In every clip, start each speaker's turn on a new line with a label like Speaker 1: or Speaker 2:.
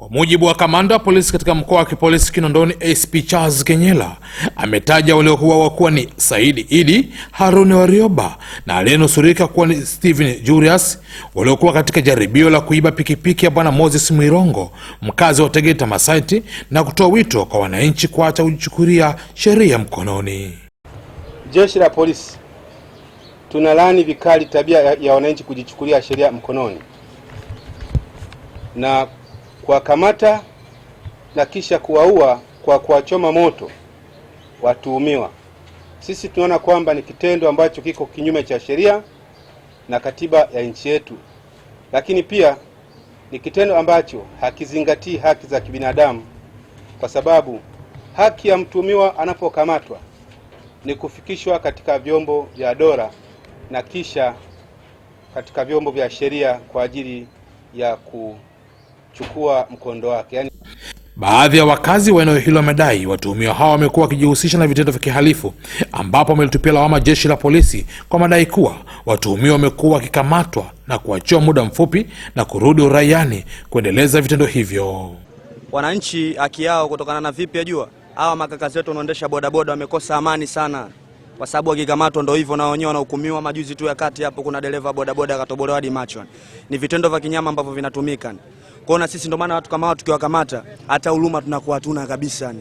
Speaker 1: Kwa mujibu wa kamanda wa polisi katika mkoa wa kipolisi Kinondoni, ASP Charles Kenyela ametaja waliouawa kuwa ni Saidi Idi Haruni Warioba na aliyenusurika kuwa ni Steven Julius waliokuwa katika jaribio la kuiba pikipiki ya Bwana Moses Mwirongo mkazi wa Tegeta Masaiti, na kutoa wito kwa wananchi kuacha kujichukulia sheria mkononi.
Speaker 2: Jeshi la polisi tunalani vikali tabia ya wananchi kujichukulia sheria mkononi na kuwakamata na kisha kuwaua kwa kuwachoma moto watuhumiwa. Sisi tunaona kwamba ni kitendo ambacho kiko kinyume cha sheria na katiba ya nchi yetu, lakini pia ni kitendo ambacho hakizingatii haki za kibinadamu, kwa sababu haki ya mtuhumiwa anapokamatwa ni kufikishwa katika vyombo vya dola na kisha katika vyombo vya sheria kwa ajili ya ku kuchukua mkondo wake yani...
Speaker 1: Baadhi ya wakazi wa eneo hilo wamedai watuhumiwa hao wamekuwa wakijihusisha na vitendo vya kihalifu, ambapo wamelitupia lawama jeshi la polisi kwa madai kuwa watuhumiwa wamekuwa wakikamatwa na kuachiwa muda mfupi na kurudi uraiani kuendeleza vitendo hivyo.
Speaker 3: Wananchi haki yao kutokana na vipi, ajua hawa makakazi wetu wanaendesha bodaboda wamekosa amani sana, kwa sababu wakikamatwa ndo hivyo, na wenyewe wanahukumiwa. Majuzi tu ya kati hapo, kuna dereva bodaboda akatobolewa hadi macho. Ni vitendo vya kinyama ambavyo vinatumika. Kwaona sisi ndio maana watu kama hao tukiwakamata hata huruma tunakuwa hatuna kabisa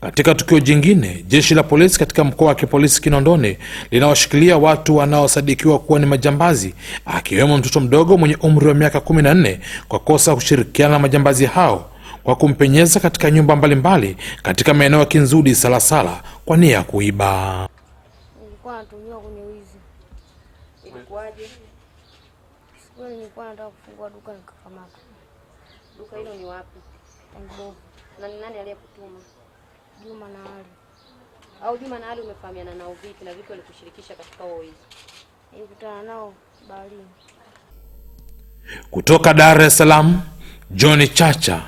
Speaker 1: Katika tukio jingine, jeshi la polisi katika mkoa wa kipolisi Kinondoni linawashikilia watu wanaosadikiwa kuwa ni majambazi, akiwemo mtoto mdogo mwenye umri wa miaka 14 kwa kosa kushirikiana na majambazi hao kwa kumpenyeza katika nyumba mbalimbali mbali, katika maeneo ya Kinzudi Salasala kwa nia ya kuiba. Siku ile nilikuwa nataka kufungua duka nikakamatwa. Duka hilo ni wapi? Tangibovu. Na ni nani aliyekutuma? Juma na Ali. Au Juma na Ali umefahamiana nao vipi na vipi walikushirikisha katika huo wizi? Nilikutana nao baharini. Kutoka Dar es Salaam, John Chacha,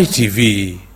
Speaker 1: ITV.